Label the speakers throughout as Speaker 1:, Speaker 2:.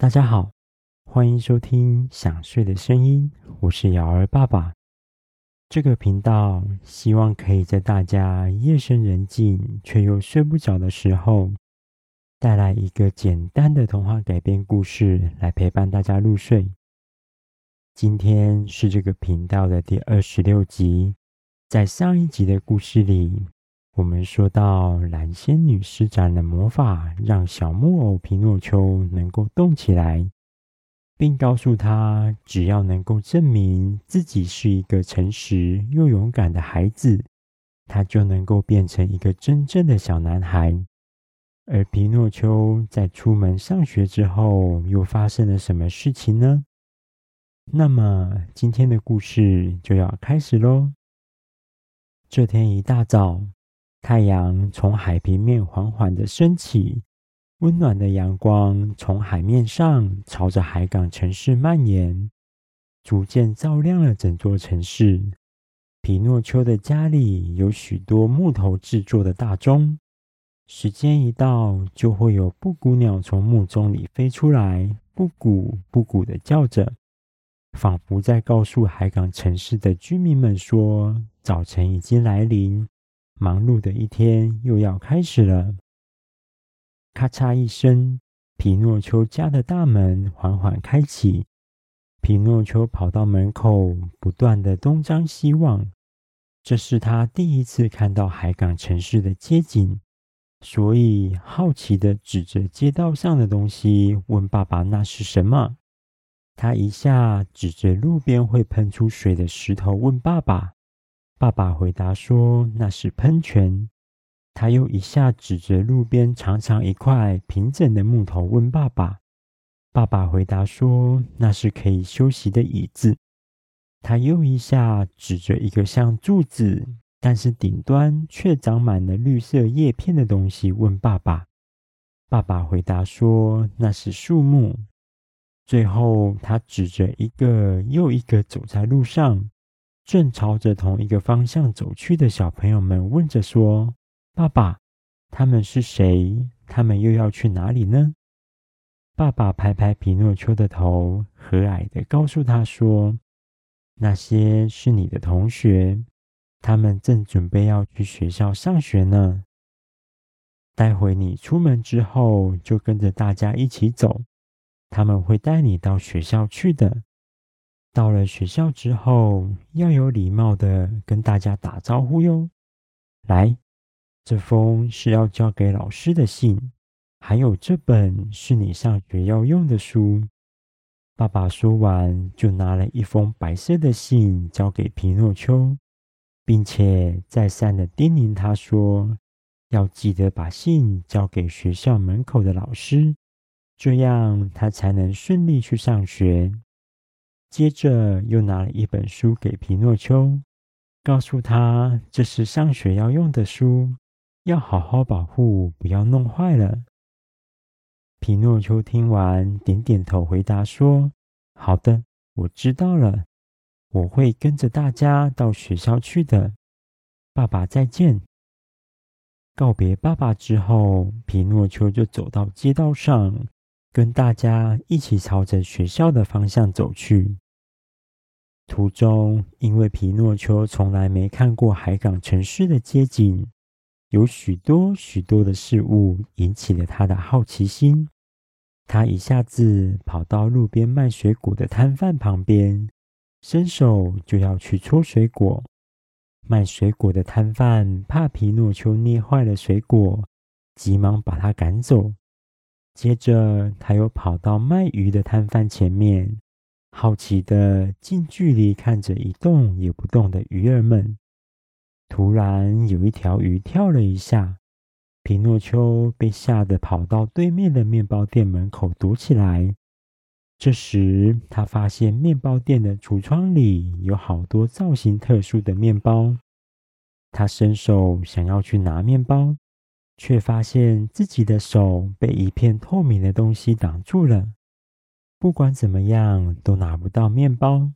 Speaker 1: 大家好，歡迎收聽《想睡的聲音》，我是堯兒爸爸。這個頻道希望可以在大家夜深人靜卻又睡不着的時候，帶來一個簡單的童話改編故事，來陪伴大家入睡。今天是這個頻道的第二十六集，在上一集的故事裡，我們說到，藍仙女施展了魔法，讓小木偶皮諾丘能夠動起來，並告訴他，只要能夠證明自己是一個誠實又勇敢的孩子，他就能夠變成一個真正的小男孩。而皮諾丘在出門上學之後，又發生了什麼事情呢？那麼，今天的故事就要開始嘍。這天一大早。太陽從海平面緩緩地升起，溫暖的陽光從海面上朝着海港城市蔓延，逐漸照亮了整座城市。皮諾丘的家裡有許多木頭制作的大鐘，時間一到，就會有布谷鳥從木鐘裡飛出來，布谷布谷的叫着，仿佛在告訴海港城市的居民們說，早晨已經來臨。忙碌的一天又要開始了。咔嚓一聲，皮諾丘家的大門緩緩開啟。皮諾丘跑到門口，不斷的東張西望。這是他第一次看到海港城市的街景，所以好奇的指着街道上的東西問爸爸：“那是什麼？”他一下指着路邊會噴出水的石頭問爸爸。爸爸回答說：“那是噴泉。”他又一下指着路邊長長一塊平整的木頭，問爸爸。爸爸回答說：“那是可以休息的椅子。”他又一下指着一個像柱子，但是頂端卻長滿了綠色葉片的東西，問爸爸。爸爸回答說：“那是樹木。”最後，他指着一個又一個走在路上，正朝着同一個方向走去的小朋友們問着說：“爸爸，他們是誰？他們又要去哪裡呢？”爸爸拍拍皮諾丘的頭，和藹地告訴他說：“那些是你的同學，他們正準備要去學校上學呢。待會你出門之後，就跟着大家一起走，他們會帶你到學校去的。”到了學校之後，要有禮貌的跟大家打招呼喲。來，這封是要交給老師的信，還有這本是你上學要用的書。爸爸說完，就拿了一封白色的信交給皮諾丘，並且再三的叮嚀他說：“要記得把信交給學校門口的老師，這樣他才能順利去上學。”接着又拿了一本書給皮諾丘，告訴他這是上學要用的書，要好好保護，不要弄壞了。皮諾丘聽完，點點頭，回答說：“好的，我知道了，我會跟着大家到學校去的。”爸爸再見。告別爸爸之後，皮諾丘就走到街道上。跟大家一起朝着學校的方向走去。途中，因為皮諾丘從來沒看過海港城市的街景，有許多許多的事物引起了他的好奇心。他一下子跑到路邊賣水果的攤販旁邊，伸手就要去戳水果。賣水果的攤販怕皮諾丘捏壞了水果，急忙把他趕走。接着，他又跑到賣魚的攤販前面，好奇的近距離看着一動也不動的魚兒們。突然，有一條魚跳了一下，皮諾丘被嚇得跑到對面的面包店門口躲起來。這時，他發現面包店的櫥窗裡有好多造型特殊的面包，他伸手想要去拿面包。卻發現自己的手被一片透明的東西擋住了，不管怎麼樣都拿不到面包。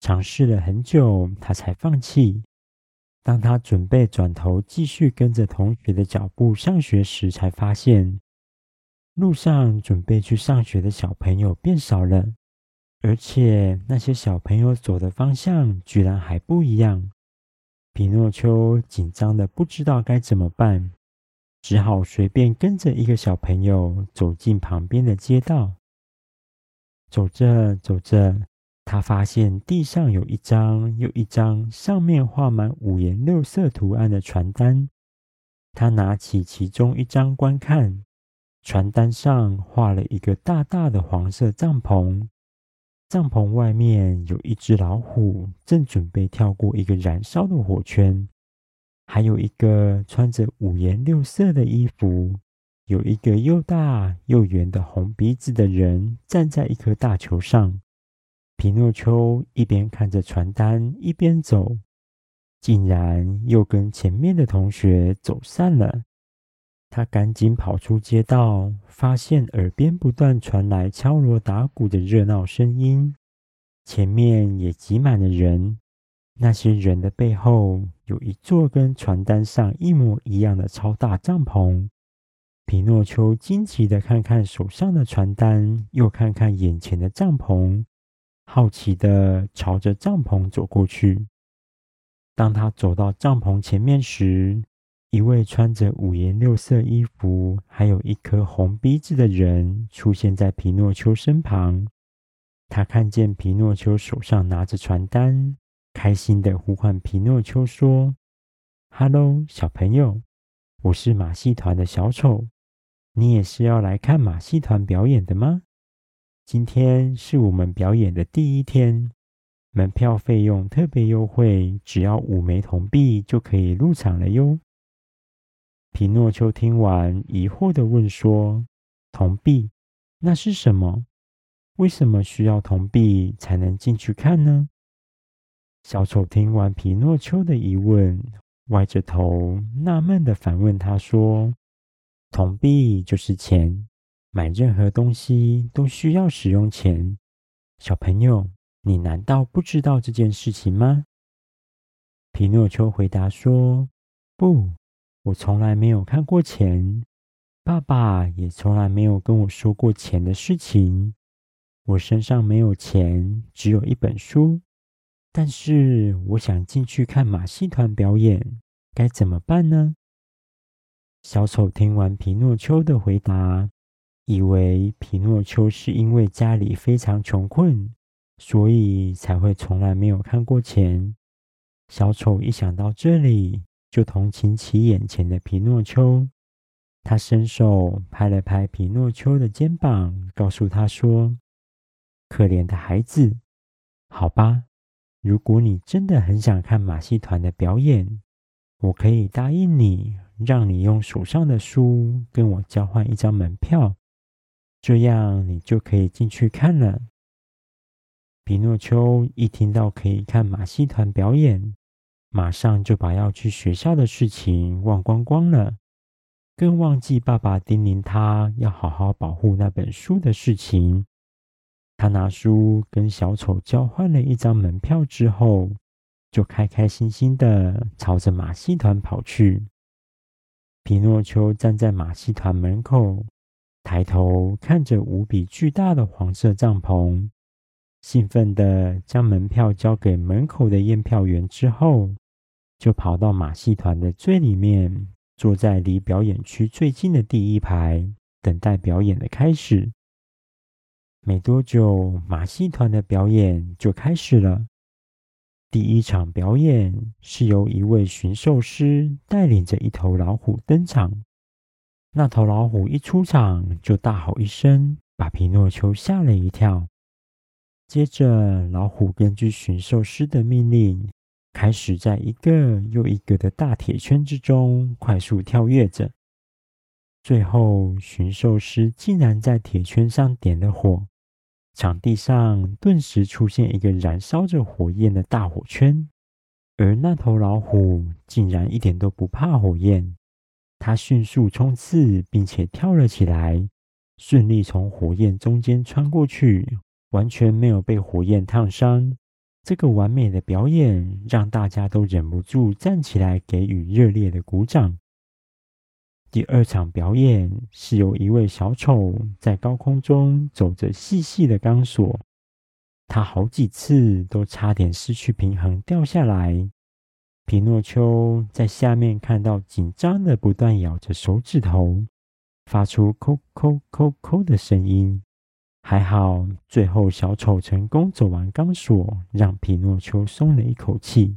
Speaker 1: 嘗試了很久，他才放棄。當他準備轉頭繼續跟着同學的腳步上學時，才發現路上準備去上學的小朋友變少了，而且那些小朋友走的方向居然還不一樣。皮諾丘緊張得不知道該怎麼辦。只好隨便跟着一個小朋友走進旁邊的街道。走着走着，他發現地上有一張又一張上面畫滿五顏六色圖案的傳單。他拿起其中一張觀看，傳單上畫了一個大大的黃色帳篷，帳篷外面有一隻老虎正準備跳過一個燃燒的火圈。還有一個穿着五顏六色的衣服，有一個又大又圓的紅鼻子的人站在一顆大球上。皮諾丘一邊看着傳單，一邊走，竟然又跟前面的同學走散了。他趕緊跑出街道，發現耳邊不斷傳來敲鑼打鼓的熱鬧聲音，前面也擠滿了人。那些人的背後有一座跟傳單上一模一樣的超大帳篷。皮諾丘驚奇地看看手上的傳單，又看看眼前的帳篷，好奇地朝着帳篷走過去。當他走到帳篷前面時，一位穿着五顏六色衣服、還有一顆紅鼻子的人出現在皮諾丘身旁。他看見皮諾丘手上拿着傳單。開心的呼喚皮諾丘說：“Hello，小朋友，我是馬戲團的小丑，你也是要來看馬戲團表演的嗎？今天是我們表演的第一天，門票費用特別優惠，只要五枚銅幣就可以入場了喲。”皮諾丘聽完，疑惑地問說：“銅幣？那是什麼？為什麼需要銅幣才能進去看呢？”小丑聽完皮諾丘的疑問，歪着頭納悶地反問他說：“銅幣就是錢，買任何東西都需要使用錢。小朋友，你難道不知道這件事情嗎？”皮諾丘回答說：“不，我從來沒有看過錢，爸爸也從來沒有跟我說過錢的事情。我身上沒有錢，只有一本書。”但是我想進去看馬戲團表演，該怎麼辦呢？小丑聽完皮諾丘的回答，以為皮諾丘是因為家裡非常窮困，所以才會從來沒有看過錢。小丑一想到這裡，就同情起眼前的皮諾丘。他伸手拍了拍皮諾丘的肩膀，告訴他說：“可憐的孩子，好吧。”如果你真的很想看馬戲團的表演，我可以答應你，讓你用手上的書跟我交換一張門票，這樣你就可以進去看了。皮諾丘一聽到可以看馬戲團表演，馬上就把要去學校的事情忘光光了，更忘記爸爸叮嚀他要好好保護那本書的事情。他拿書跟小丑交換了一張門票之後，就開開心心的朝着馬戲團跑去。皮諾丘站在馬戲團門口，抬頭看着無比巨大的黃色帳篷，興奮的將門票交給門口的驗票員之後，就跑到馬戲團的最裡面，坐在離表演區最近的第一排，等待表演的開始。沒多久，馬戲團的表演就開始了。第一場表演是由一位馴獸師帶領着一頭老虎登場。那頭老虎一出場就大吼一聲，把皮諾丘嚇了一跳。接着，老虎根據馴獸師的命令，開始在一個又一個的大鐵圈之中快速跳躍着。最後，馴獸師竟然在鐵圈上點了火。場地上頓時出現一個燃燒着火焰的大火圈，而那頭老虎竟然一點都不怕火焰。它迅速衝刺，並且跳了起來，順利從火焰中間穿過去，完全沒有被火焰燙傷。這個完美的表演讓大家都忍不住站起來給予熱烈的鼓掌。第二場表演是有一位小丑在高空中走着細細的鋼索，他好幾次都差點失去平衡掉下來。皮諾丘在下面看到，緊張的不斷咬着手指頭，發出扣扣扣扣的聲音。還好，最後小丑成功走完鋼索，讓皮諾丘鬆了一口氣。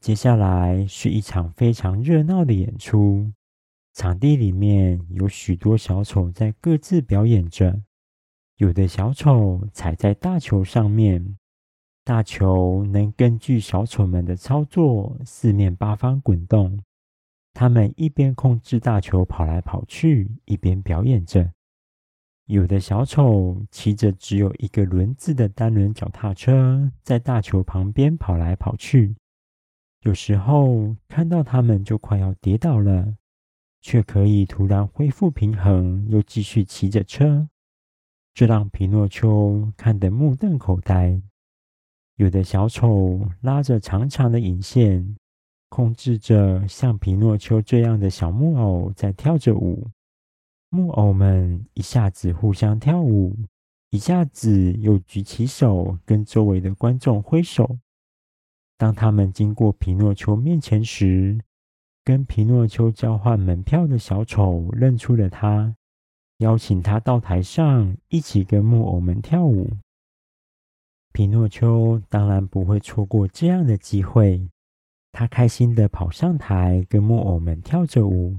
Speaker 1: 接下來是一場非常熱鬧的演出。場地裡面有許多小丑在各自表演着，有的小丑踩在大球上面，大球能根據小丑們的操作四面八方滾動。他們一邊控制大球跑來跑去，一邊表演着。有的小丑騎着只有一個輪子的單輪腳踏車，在大球旁邊跑來跑去。有時候看到他們就快要跌倒了，卻可以突然恢復平衡，又繼續騎着車，這讓皮諾丘看得目瞪口呆。有的小丑拉着長長的引線，控制着像皮諾丘這樣的小木偶在跳着舞。木偶們一下子互相跳舞，一下子又舉起手跟周圍的觀眾揮手。當他們經過皮諾丘面前時，跟皮諾丘交換門票的小丑認出了他，邀請他到台上一起跟木偶們跳舞。皮諾丘當然不會錯過這樣的機會，他開心地跑上台，跟木偶們跳着舞。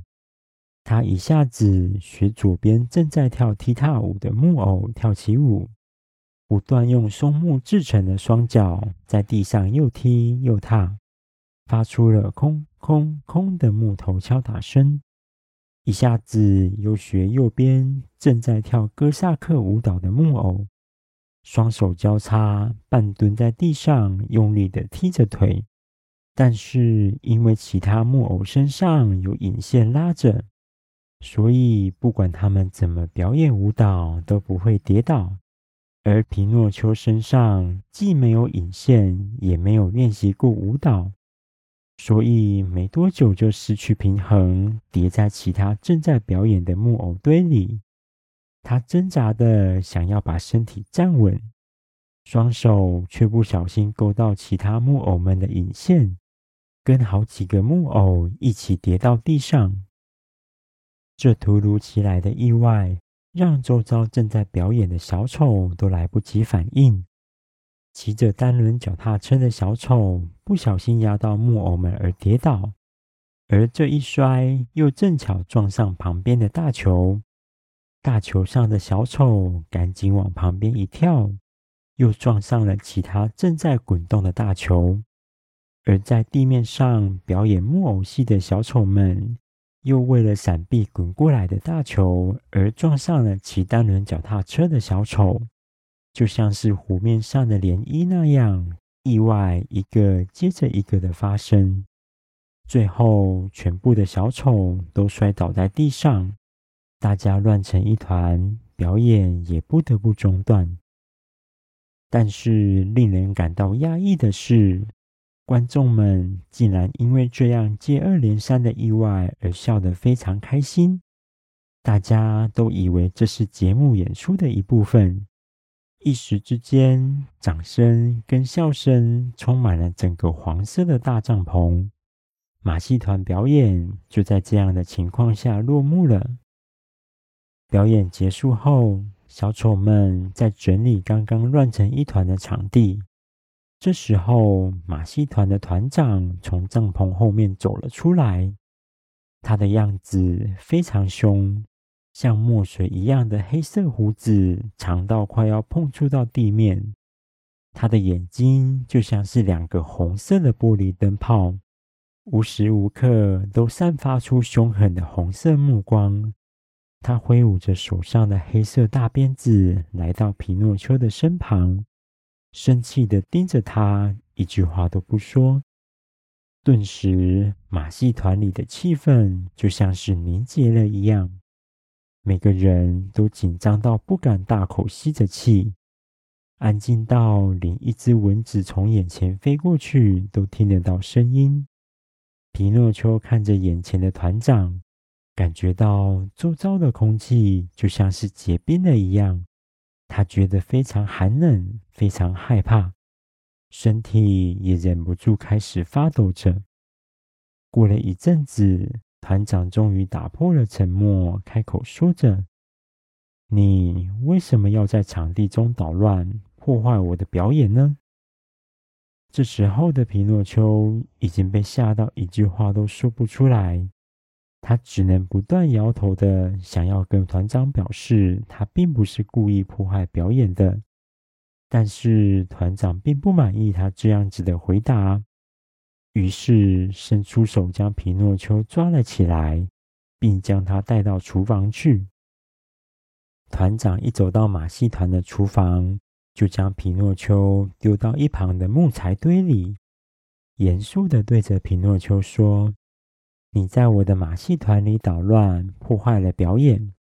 Speaker 1: 他一下子學左邊正在跳踢踏舞的木偶跳起舞，不斷用松木制成的雙腳在地上又踢又踏。發出了空空空的木頭敲打聲，一下子又學右邊正在跳哥薩克舞蹈的木偶，雙手交叉，半蹲在地上，用力的踢着腿。但是因為其他木偶身上有引線拉着，所以不管他們怎麼表演舞蹈都不會跌倒。而皮諾丘身上既沒有引線，也沒有練習過舞蹈。所以沒多久就失去平衡，跌在其他正在表演的木偶堆裡。他掙扎的想要把身體站穩，雙手卻不小心勾到其他木偶們的引線，跟好幾個木偶一起跌到地上。這突如其來的意外讓周遭正在表演的小丑都來不及反應。騎着單輪腳踏車的小丑。不小心壓到木偶們而跌倒，而這一摔又正巧撞上旁邊的大球。大球上的小丑趕緊往旁邊一跳，又撞上了其他正在滾動的大球。而在地面上表演木偶戲的小丑們，又為了閃避滾過來的大球而撞上了騎單輪腳踏車的小丑，就像是湖面上的漣漪那樣。意外一個接着一個的發生，最後全部的小丑都摔倒在地上，大家亂成一團，表演也不得不中斷。但是令人感到壓抑的是，觀眾們竟然因為這樣接二連三的意外而笑得非常開心，大家都以為這是節目演出的一部分。一時之間，掌聲跟笑聲充滿了整個黃色的大帳篷。馬戲團表演就在這樣的情況下落幕了。表演結束後，小丑們在整理剛剛亂成一團的場地。這時候，馬戲團的團長從帳篷後面走了出來，他的樣子非常兇。像墨水一樣的黑色鬍子長到快要碰觸到地面，他的眼睛就像是兩個紅色的玻璃燈泡，無時無刻都散發出凶狠的紅色目光。他揮舞着手上的黑色大鞭子，來到皮諾丘的身旁，生氣的盯着他，一句話都不說。頓時，馬戲團裡的氣氛就像是凝結了一樣。每個人都緊張到不敢大口吸着氣，安靜到連一隻蚊子從眼前飛過去都聽得到聲音。皮諾丘看着眼前的團長，感覺到周遭的空氣就像是結冰了一樣，他覺得非常寒冷，非常害怕，身體也忍不住開始發抖着。過了一陣子。團長終於打破了沉默，開口說着：“你為什麼要在場地中搗亂，破壞我的表演呢？”這時候的皮諾丘已經被嚇到，一句話都說不出來，他只能不斷搖頭地，想要跟團長表示他並不是故意破壞表演的，但是團長並不滿意他這樣子的回答。於是，伸出手將皮諾丘抓了起來，並將他帶到廚房去。團長一走到馬戲團的廚房，就將皮諾丘丟到一旁的木材堆裡，嚴肅地對着皮諾丘說：“你在我的馬戲團裡搗亂，破壞了表演。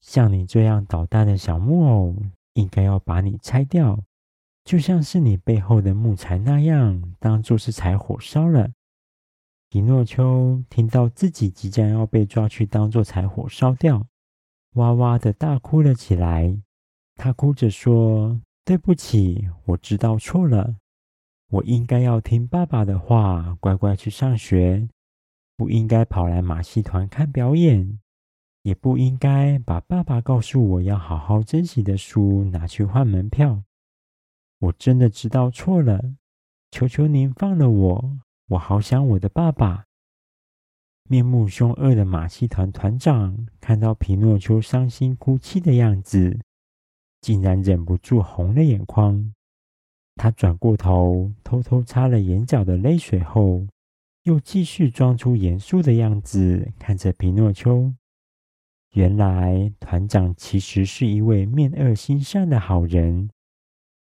Speaker 1: 像你這樣搗蛋的小木偶，應該要把你拆掉。”就像是你背後的木柴那樣，當做是柴火燒了。皮諾丘聽到自己即將要被抓去當做柴火燒掉，哇哇的大哭了起來。他哭着說：“對不起，我知道錯了。我應該要聽爸爸的話，乖乖去上學，不應該跑來馬戲團看表演，也不應該把爸爸告訴我要好好珍惜的書拿去換門票。”我真的知道錯了，求求您放了我！我好想我的爸爸。面目兇惡的馬戲團團長看到皮諾丘傷心哭泣的樣子，竟然忍不住紅了眼眶。他轉過頭，偷偷擦了眼角的淚水後，又繼續裝出嚴肅的樣子，看着皮諾丘。原來，團長其實是一位面惡心善的好人。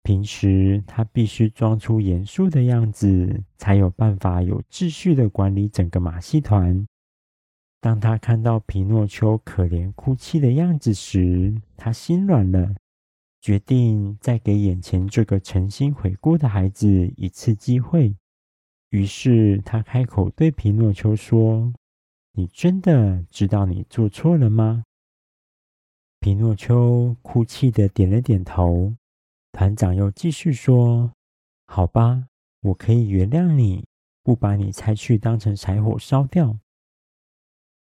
Speaker 1: 平時他必須裝出嚴肅的樣子，才有辦法有秩序的管理整個馬戲團。當他看到皮諾丘可憐哭泣的樣子時，他心軟了，決定再給眼前這個誠心悔過的孩子一次機會。於是他開口對皮諾丘說：“你真的知道你做錯了嗎？”皮諾丘哭泣的點了點頭。團長又繼續說：“好吧，我可以原諒你，不把你拆去當成柴火燒掉。”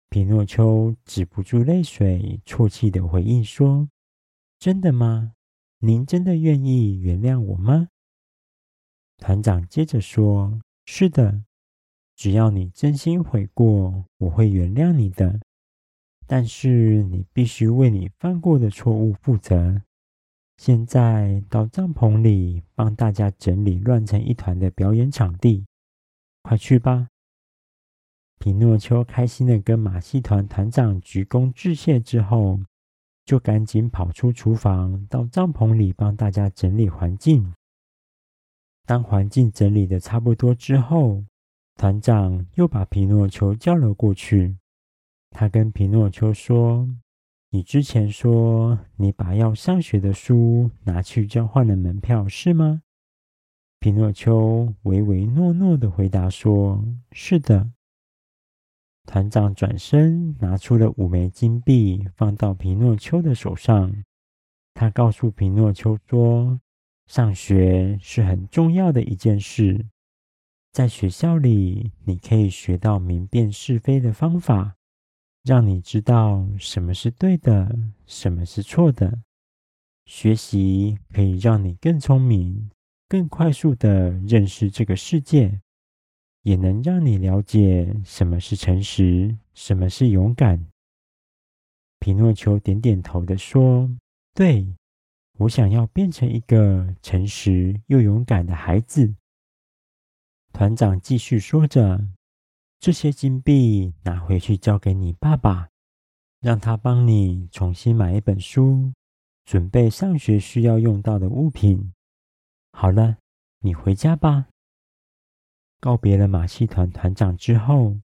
Speaker 1: 皮諾丘止不住淚水，啜泣地回應說：“真的嗎？您真的願意原諒我嗎？”團長接着說：“是的，只要你真心悔過，我會原諒你的。但是你必須為你犯過的錯誤負責。”現在到帳篷裡幫大家整理亂成一團的表演場地，快去吧！皮諾丘開心的跟馬戲團團長鞠躬致謝之後，就趕緊跑出廚房，到帳篷裡幫大家整理環境。當環境整理的差不多之後，團長又把皮諾丘叫了過去，他跟皮諾丘說。你之前說你把要上學的書拿去交換了門票，是嗎？皮諾丘唯唯諾諾地回答說：“是的。”團長轉身拿出了五枚金幣，放到皮諾丘的手上。他告訴皮諾丘說：“上學是很重要的一件事，在學校裡你可以學到明辨是非的方法。”讓你知道什麼是對的，什麼是錯的。學習可以讓你更聰明、更快速地認識這個世界，也能讓你了解什麼是誠實，什麼是勇敢。皮諾丘點點頭地說：“對，我想要變成一個誠實又勇敢的孩子。”團長繼續說着。這些金幣拿回去交給你爸爸，讓他幫你重新買一本書，準備上學需要用到的物品。好了，你回家吧。告別了馬戲團團長之後，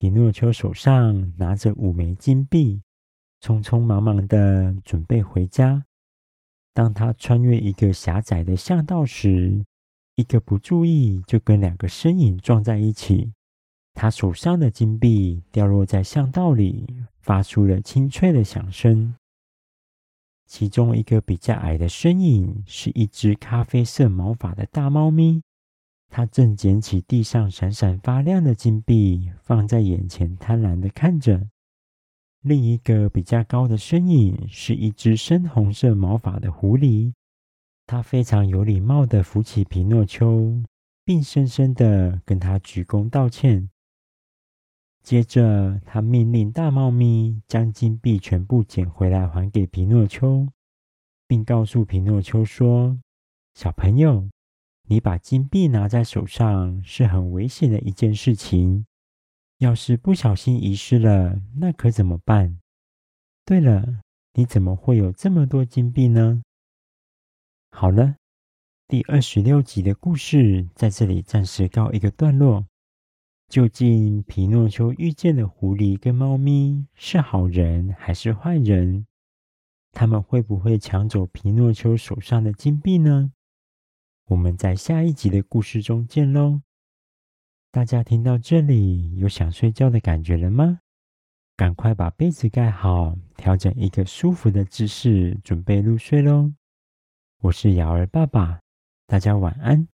Speaker 1: 皮諾丘手上拿着五枚金幣，匆匆忙忙的準備回家。當他穿越一個狹窄的巷道時，一個不注意就跟兩個身影撞在一起。他手上的金幣掉落在巷道裡，發出了清脆的響聲。其中一個比較矮的身影是一隻咖啡色毛髮的大貓咪，它正撿起地上閃閃發亮的金幣，放在眼前貪婪地看着。另一個比較高的身影是一隻深紅色毛髮的狐狸，它非常有禮貌地扶起皮諾丘，並深深地跟他鞠躬道歉。接着，他命令大貓咪將金幣全部撿回來還給皮諾丘，並告訴皮諾丘說：“小朋友，你把金幣拿在手上是很危險的一件事情，要是不小心遺失了，那可怎麼辦？對了，你怎麼會有這麼多金幣呢？”好了，第二十六集的故事在這裡暫時告一個段落。究竟皮諾丘遇見的狐狸跟貓咪是好人還是壞人？他們會不會搶走皮諾丘手上的金幣呢？我們在下一集的故事中見嘍！大家聽到這裡有想睡覺的感覺了嗎？趕快把被子蓋好，調整一個舒服的姿勢，準備入睡嘍！我是堯兒爸爸，大家晚安。